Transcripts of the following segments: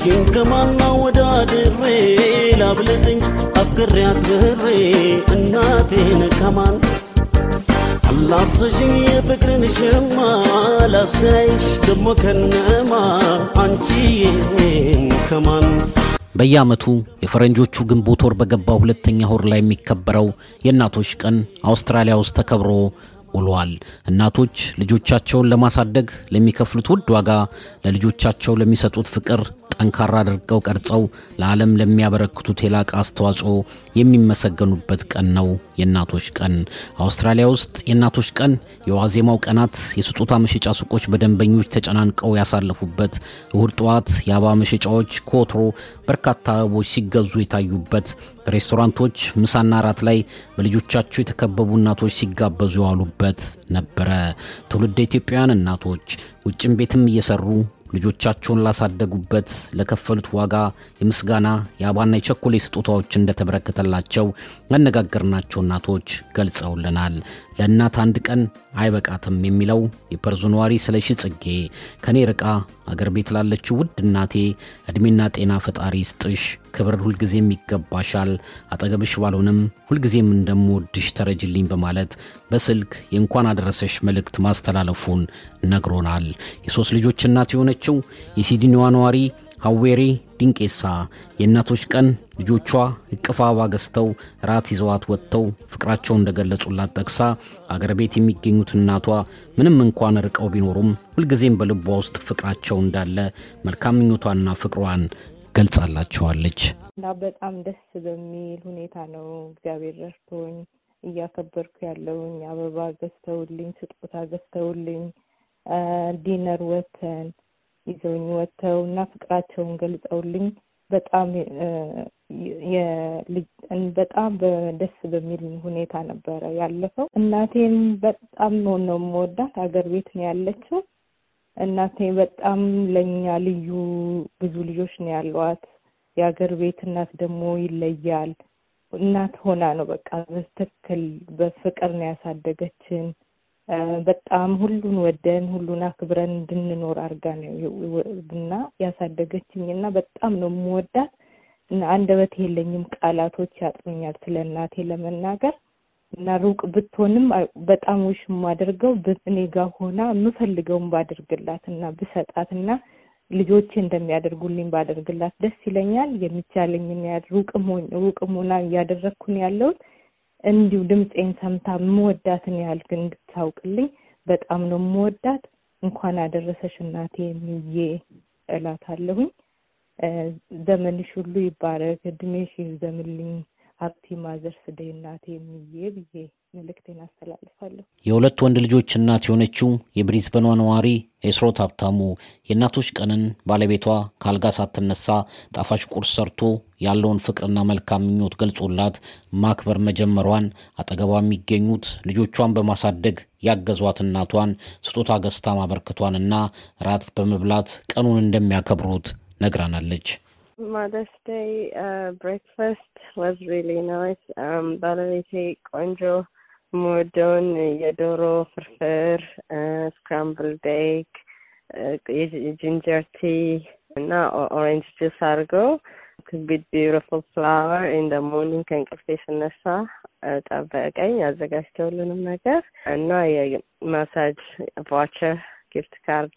አንቺን ከማና ወዳድሬ ላብልጥ አፍቅሬ አክብሬ እናቴን ከማን አላብሰሽኝ የፍቅርን ሽማ ላስተያይሽ ደሞ ከነማ አንቺን ከማን በየዓመቱ የፈረንጆቹ ግንቦት ወር በገባ ሁለተኛ ወር ላይ የሚከበረው የእናቶች ቀን አውስትራሊያ ውስጥ ተከብሮ ውሏል። እናቶች ልጆቻቸውን ለማሳደግ ለሚከፍሉት ውድ ዋጋ፣ ለልጆቻቸው ለሚሰጡት ፍቅር ጠንካራ አድርገው ቀርጸው ለዓለም ለሚያበረክቱት የላቀ አስተዋጽኦ የሚመሰገኑበት ቀን ነው የእናቶች ቀን። አውስትራሊያ ውስጥ የእናቶች ቀን የዋዜማው ቀናት የስጦታ መሸጫ ሱቆች በደንበኞች ተጨናንቀው ያሳለፉበት፣ እሁድ ጠዋት የአበባ መሸጫዎች ኮትሮ በርካታ አበቦች ሲገዙ የታዩበት፣ ሬስቶራንቶች ምሳና አራት ላይ በልጆቻቸው የተከበቡ እናቶች ሲጋበዙ የዋሉበት ነበረ። ትውልደ ኢትዮጵያውያን እናቶች ውጭም ቤትም እየሰሩ ልጆቻቸውን ላሳደጉበት ለከፈሉት ዋጋ የምስጋና የአባና የቸኮሌ ስጦታዎች እንደተበረከተላቸው ያነጋገርናቸው እናቶች ገልጸውልናል። ለእናት አንድ ቀን አይበቃትም የሚለው የፐርዙ ነዋሪ ስለሺ ጽጌ ከኔ ርቃ አገር ቤት ላለችው ውድ እናቴ እድሜና ጤና ፈጣሪ ስጥሽ ክብር ሁልጊዜም ይገባሻል፣ አጠገብሽ ባልሆንም ሁልጊዜም እንደምወድሽ ተረጅልኝ በማለት በስልክ የእንኳን አደረሰሽ መልእክት ማስተላለፉን ነግሮናል። የሶስት ልጆች እናት የሆነችው የሲድኒዋ ነዋሪ ሀዌሬ ድንቄሳ የእናቶች ቀን ልጆቿ እቅፍ አበባ ገዝተው ራት ይዘዋት ወጥተው ፍቅራቸውን እንደገለጹላት ጠቅሳ አገር ቤት የሚገኙት እናቷ ምንም እንኳን ርቀው ቢኖሩም ሁልጊዜም በልቧ ውስጥ ፍቅራቸው እንዳለ መልካም ምኞቷና ፍቅሯን ገልጻላቸዋለች። እና በጣም ደስ በሚል ሁኔታ ነው እግዚአብሔር ረድቶኝ እያከበርኩ ያለውኝ። አበባ ገዝተውልኝ፣ ስጦታ ገዝተውልኝ፣ ዲነር ወተን ይዘውኝ ወጥተው እና ፍቅራቸውን ገልጸውልኝ በጣም በጣም ደስ በሚል ሁኔታ ነበረ ያለፈው። እናቴም በጣም ነው ነው የምወዳት። ሀገር ቤት ነው ያለችው። እናቴ በጣም ለኛ ልዩ ብዙ ልጆች ነው ያሏት። የሀገር ቤት እናት ደግሞ ይለያል። እናት ሆና ነው በቃ በትክክል በፍቅር ነው ያሳደገችን። በጣም ሁሉን ወደን ሁሉን አክብረን እንድንኖር አድርጋ ነው እና ያሳደገችኝ እና በጣም ነው የምወዳት እና አንደበት የለኝም ቃላቶች ያጥሩኛል ስለ እናቴ ለመናገር እና ሩቅ ብትሆንም በጣም ውሽ የማደርገው እኔ ጋር ሆና የምፈልገውን ባደርግላት እና ብሰጣት እና ልጆቼ እንደሚያደርጉልኝ ባደርግላት ደስ ይለኛል። የሚቻለኝን ሩቅ ሆና እያደረግኩን ያለውን እንዲሁ ድምፄን ሰምታ የምወዳትን ያህል ግን እንድታውቅልኝ በጣም ነው የምወዳት። እንኳን አደረሰሽ እናቴ ሚዬ እላታለሁኝ። ዘመንሽ ሁሉ ይባረክ፣ እድሜሽ ይርዘምልኝ ሀብቲ ማዘርስ ደይ እናቴ የሚዬ ብዬ መልእክቴን አስተላልፋለሁ። የሁለት ወንድ ልጆች እናት የሆነችው የብሪዝበኗ ነዋሪ ኤስሮት ሀብታሙ የእናቶች ቀንን ባለቤቷ ከአልጋ ሳትነሳ ጣፋጭ ቁርስ ሰርቶ ያለውን ፍቅርና መልካም ምኞት ገልጾላት ማክበር መጀመሯን አጠገቧ የሚገኙት ልጆቿን በማሳደግ ያገዟት እናቷን ስጦታ ገዝታ ማበርክቷንና ራት በመብላት ቀኑን እንደሚያከብሩት ነግራናለች። Mother's Day uh, breakfast was really nice. Um, Valerie cake, conjo, mordon, yadoro, fur, uh, scrambled egg, uh, ginger tea, not orange juice, argo. could be beautiful flower in the morning, can nessa at a bagay, as a gastolunum, I guess. And now, massage voucher, gift card.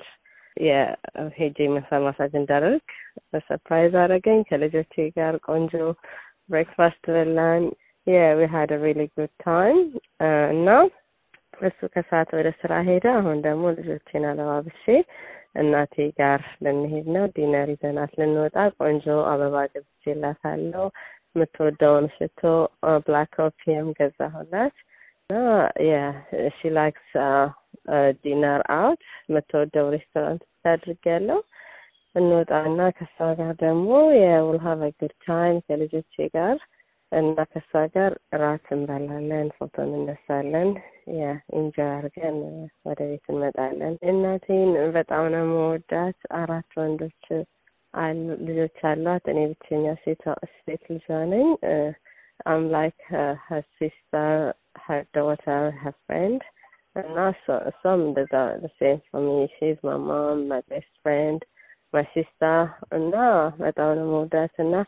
ሄጄ መሳማሳጅ እንዳደርግ ሰርፕራይዝ አደረገኝ። ከልጆቼ ጋር ቆንጆ ብሬክፋስት በላን። ዊ ሀድ ሪሊ ጉድ ታይም እና እሱ ከሰዓት ወደ ስራ ሄደ። አሁን ደግሞ ልጆቼን አለባብሼ እናቴ ጋር ልንሄድ ነው። ዲነር ይዘናት ልንወጣ ቆንጆ አበባ ገዝቼላታለሁ። የምትወደውን ሽቶ ብላክ ኮፊም ገዛሁላት። Uh, yeah, she likes uh, uh, dinner out. የምትወደው ሬስቶራንት ታድርግ ያለው እንወጣና ከሷ ጋር ደግሞ የውል ሀቭ ጉድ ታይም ከልጆቼ ጋር እና ከሷ ጋር ራት እንበላለን፣ ፎቶ እንነሳለን። ያ አድርገን ወደ ቤት እንመጣለን። እናቴን በጣም ነው የምወዳት። አራት ወንዶች አሉ ልጆች አሏት። እኔ ብቸኛ ሴት ልጇ ነኝ። I'm like her, her sister, her daughter, her friend. And also some that are the same for me. She's my mom, my best friend, my sister. And now I don't know that. And now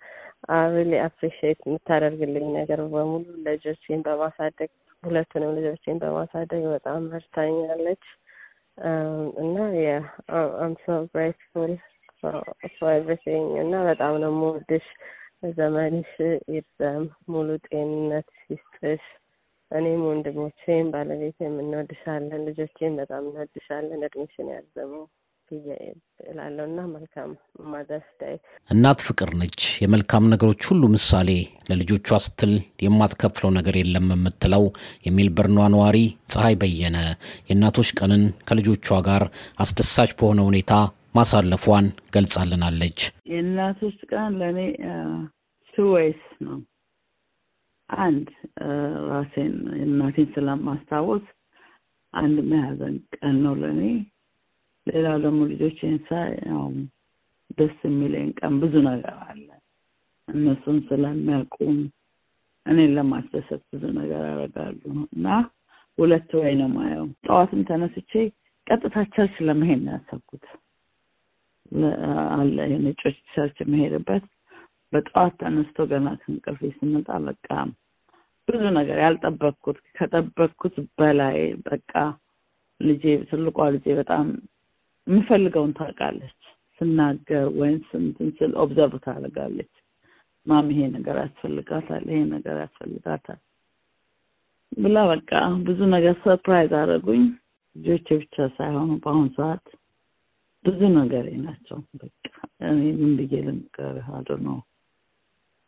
I really appreciate የምታደርግልኝ ነገር በሙሉ ልጆችን በማሳደግ ሁለቱንም ልጆችን በማሳደግ በጣም መርታኛለች። እና I'm so grateful for, for everything እና በጣም ነው this. ዘመንሽ ይርዘም፣ ሙሉ ጤንነት ይስጥሽ። እኔም ወንድሞቼም ባለቤቴም እንወድሻለን፣ ልጆቼም በጣም እንወድሻለን። እድሜሽን ያርዝመው እላለሁ እና መልካም ማዘርስ እናት ፍቅር ነች፣ የመልካም ነገሮች ሁሉ ምሳሌ፣ ለልጆቿ ስትል የማትከፍለው ነገር የለም የምትለው የሚል በርኗ ነዋሪ ፀሐይ በየነ የእናቶች ቀንን ከልጆቿ ጋር አስደሳች በሆነ ሁኔታ ማሳለፏን ገልጻልናለች። የእናቶች ቀን ለእኔ ስዌስ ነው። አንድ ራሴን እናቴን ስለማስታወስ አንድ መያዘን ቀን ነው ለእኔ። ሌላው ደግሞ ልጆች ሳይ ደስ የሚለኝ ቀን ብዙ ነገር አለ። እነሱን ስለሚያውቁም እኔን ለማስደሰት ብዙ ነገር ያደርጋሉ እና ሁለት ወይ ነው ማየው። ጠዋትም ተነስቼ ቀጥታ ቸርች ለመሄድ ነው ያሰብኩት። አለ የነጮች ቸርች የሚሄድበት በጠዋት ተነስቶ ገና ከእንቅልፍ ስመጣ በቃ ብዙ ነገር ያልጠበቅኩት ከጠበቅኩት በላይ በቃ ልጄ ትልቋ ልጄ በጣም የምፈልገውን ታውቃለች። ስናገር ወይም ስንትን ስል ኦብዘርቭ ታደርጋለች። ማም ይሄ ነገር ያስፈልጋታል፣ ይሄ ነገር ያስፈልጋታል ብላ በቃ ብዙ ነገር ሰርፕራይዝ አደረጉኝ ልጆቼ ብቻ ሳይሆኑ በአሁኑ ሰዓት ብዙ ነገር ናቸው። በቃ እኔ ምን ብዬ አዶ ነው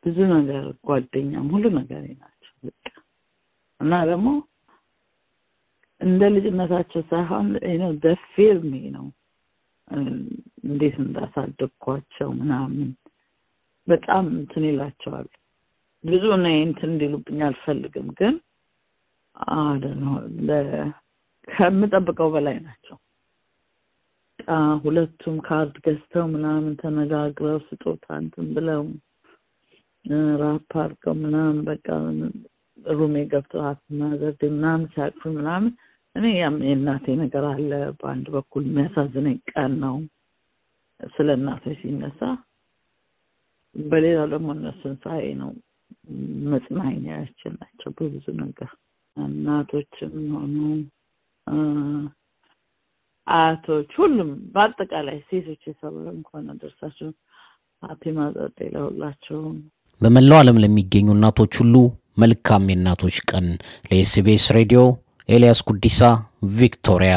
ብዙ ነገር ጓደኛም ሁሉ ነገር ናቸው። በቃ እና ደግሞ እንደ ልጅነታቸው ሳይሆን ነው በፊልም ነው እንዴት እንዳሳደግኳቸው ምናምን በጣም እንትን ይላቸዋል። ብዙ እኔ እንትን እንዲሉብኝ አልፈልግም፣ ግን ከምጠብቀው በላይ ናቸው። በቃ ሁለቱም ካርድ ገዝተው ምናምን ተነጋግረው ስጦታ እንትን ብለው ራፕ አድርገው ምናምን በቃ ሩሜ ገብተው ማዘርድ ምናምን ሲያቅፍ ምናምን እኔ ያም የእናቴ ነገር አለ በአንድ በኩል የሚያሳዝነኝ ቀን ነው ስለ እናቴ ሲነሳ በሌላው ደግሞ እነሱን ሳይ ነው መጽናኛ ያስችል ናቸው በብዙ ነገር እናቶችም ሆኑ አያቶች፣ ሁሉም በአጠቃላይ ሴቶች የሰሩ እንኳን አደረሳችሁ። ሀፒ ማዘር ዴይ ለሁላችሁም። በመላው ዓለም ለሚገኙ እናቶች ሁሉ መልካም የእናቶች ቀን። ለኤስቢኤስ ሬዲዮ ኤልያስ ጉዲሳ ቪክቶሪያ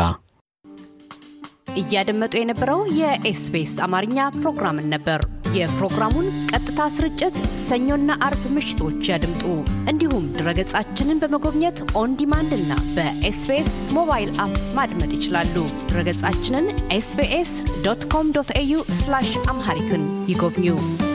እያደመጡ የነበረው የኤስቢኤስ አማርኛ ፕሮግራምን ነበር። የፕሮግራሙን ቀጥታ ስርጭት ሰኞና አርብ ምሽቶች ያድምጡ። እንዲሁም ድረገጻችንን በመጎብኘት ኦን ዲማንድ እና በኤስቢኤስ ሞባይል አፕ ማድመጥ ይችላሉ። ድረገጻችንን ኤስቢኤስ ዶት ኮም ዶት ኤዩ አምሃሪክን ይጎብኙ።